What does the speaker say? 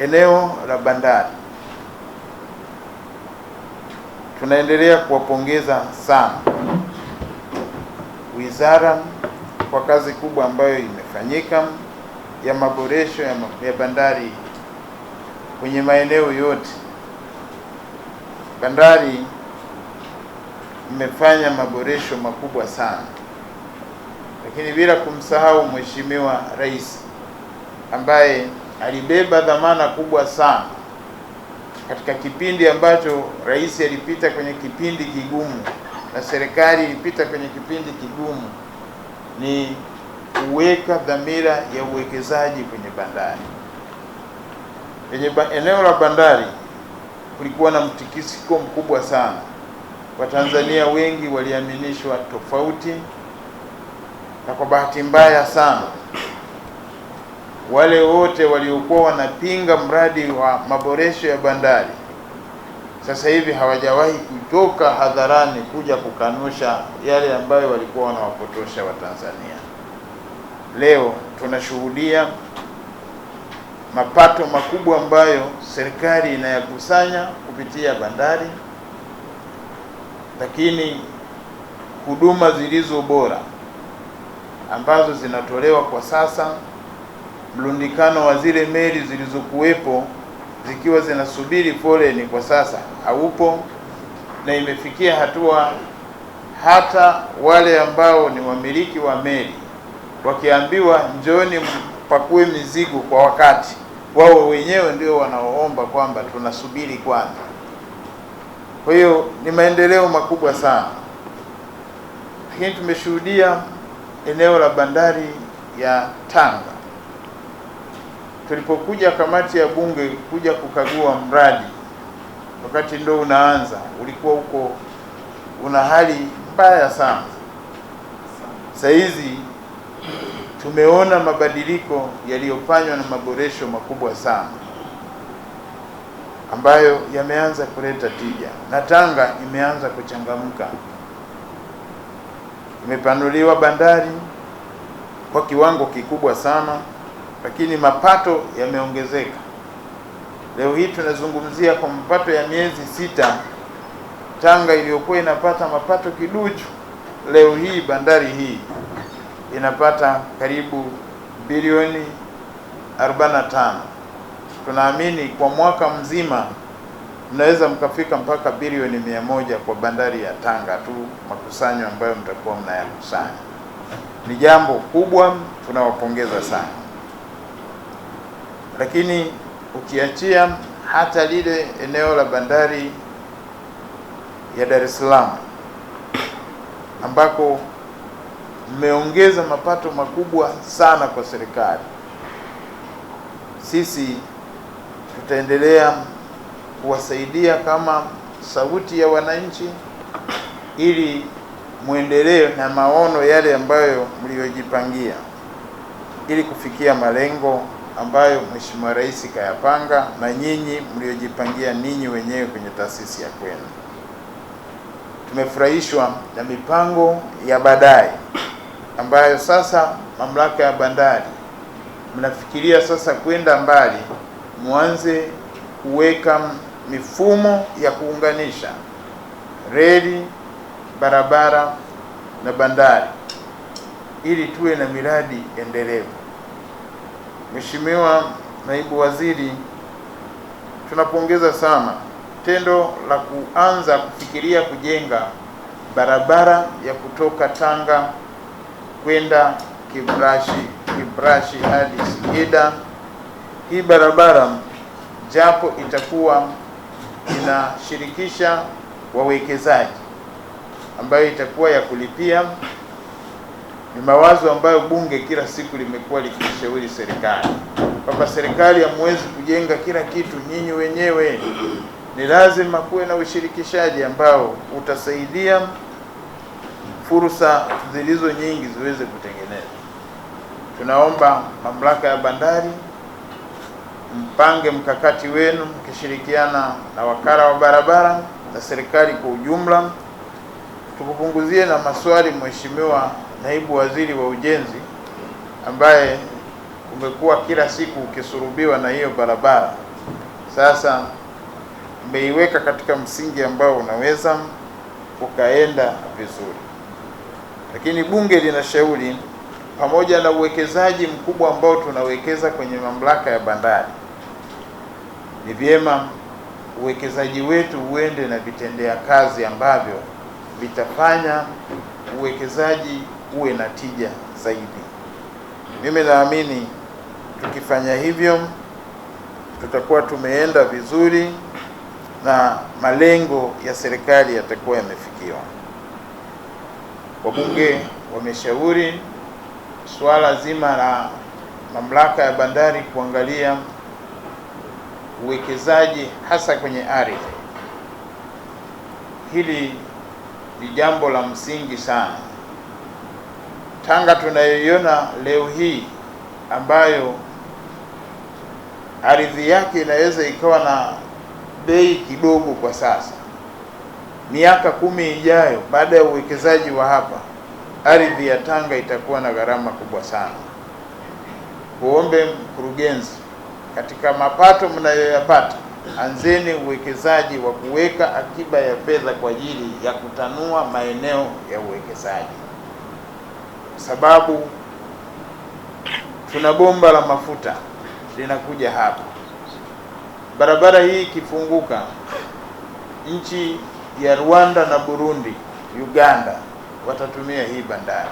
Eneo la bandari tunaendelea kuwapongeza sana wizara kwa kazi kubwa ambayo imefanyika ya maboresho ya bandari kwenye maeneo yote. Bandari imefanya maboresho makubwa sana, lakini bila kumsahau Mheshimiwa Rais ambaye alibeba dhamana kubwa sana katika kipindi ambacho rais alipita kwenye kipindi kigumu na serikali ilipita kwenye kipindi kigumu, ni kuweka dhamira ya uwekezaji kwenye bandari. Kwenye ba, eneo la bandari kulikuwa na mtikisiko mkubwa sana. Watanzania wengi waliaminishwa tofauti, na kwa bahati mbaya sana wale wote waliokuwa wanapinga mradi wa maboresho ya bandari sasa hivi hawajawahi kutoka hadharani kuja kukanusha yale ambayo walikuwa wanawapotosha Watanzania. Leo tunashuhudia mapato makubwa ambayo serikali inayakusanya kupitia bandari, lakini huduma zilizo bora ambazo zinatolewa kwa sasa mlundikano wa zile meli zilizokuwepo zikiwa zinasubiri foleni kwa sasa haupo, na imefikia hatua hata wale ambao ni wamiliki wa meli wakiambiwa njoni mpakue mizigo kwa wakati, wao wenyewe ndio wanaoomba kwamba tunasubiri kwanza. Kwa hiyo ni maendeleo makubwa sana, lakini tumeshuhudia eneo la bandari ya Tanga tulipokuja kamati ya bunge kuja kukagua mradi, wakati ndo unaanza, ulikuwa huko una hali mbaya sana. Sasa hizi tumeona mabadiliko yaliyofanywa na maboresho makubwa sana ambayo yameanza kuleta tija na Tanga imeanza kuchangamka. Imepanuliwa bandari kwa kiwango kikubwa sana lakini mapato yameongezeka. Leo hii tunazungumzia kwa mapato ya miezi sita, Tanga iliyokuwa inapata mapato kiduchu, leo hii bandari hii inapata karibu bilioni 45. Tunaamini kwa mwaka mzima mnaweza mkafika mpaka bilioni mia moja kwa bandari ya Tanga tu, makusanyo ambayo mtakuwa mnayakusanya. Ni jambo kubwa, tunawapongeza sana lakini ukiachia hata lile eneo la bandari ya Dar es Salaam ambako mmeongeza mapato makubwa sana kwa serikali, sisi tutaendelea kuwasaidia kama sauti ya wananchi, ili muendelee na maono yale ambayo mliyojipangia ili kufikia malengo ambayo Mheshimiwa Rais kayapanga na nyinyi mliojipangia ninyi wenyewe kwenye taasisi ya kwenu. Tumefurahishwa na mipango ya baadaye ambayo sasa mamlaka ya bandari mnafikiria sasa kwenda mbali, mwanze kuweka mifumo ya kuunganisha reli, barabara na bandari ili tuwe na miradi endelevu. Mheshimiwa Naibu Waziri, tunapongeza sana tendo la kuanza kufikiria kujenga barabara ya kutoka Tanga kwenda Kibrashi, Kibrashi hadi Singida. Hii barabara japo itakuwa inashirikisha wawekezaji ambayo itakuwa ya kulipia ni mawazo ambayo bunge kila siku limekuwa likishauri serikali kwamba serikali hamwezi kujenga kila kitu nyinyi wenyewe, ni lazima kuwe na ushirikishaji ambao utasaidia fursa zilizo nyingi ziweze kutengenezwa. Tunaomba mamlaka ya bandari mpange mkakati wenu mkishirikiana na wakala wa barabara na serikali kwa ujumla, tukupunguzie na maswali mheshimiwa naibu waziri wa ujenzi ambaye umekuwa kila siku ukisurubiwa na hiyo barabara, sasa umeiweka katika msingi ambao unaweza ukaenda vizuri. Lakini bunge linashauri pamoja na uwekezaji mkubwa ambao tunawekeza kwenye mamlaka ya bandari, ni vyema uwekezaji wetu uende na vitendea kazi ambavyo vitafanya uwekezaji uwe na tija zaidi. Mimi naamini tukifanya hivyo tutakuwa tumeenda vizuri na malengo ya serikali yatakuwa yamefikiwa. Wabunge wameshauri suala zima la mamlaka ya bandari kuangalia uwekezaji hasa kwenye ardhi. Hili ni jambo la msingi sana. Tanga tunayoiona leo hii ambayo ardhi yake inaweza ikawa na bei kidogo kwa sasa, miaka kumi ijayo, baada ya uwekezaji wa hapa, ardhi ya Tanga itakuwa na gharama kubwa sana. Kuombe mkurugenzi, katika mapato mnayoyapata, anzeni uwekezaji wa kuweka akiba ya fedha kwa ajili ya kutanua maeneo ya uwekezaji kwa sababu tuna bomba la mafuta linakuja hapa. Barabara hii ikifunguka, nchi ya Rwanda na Burundi, Uganda watatumia hii bandari.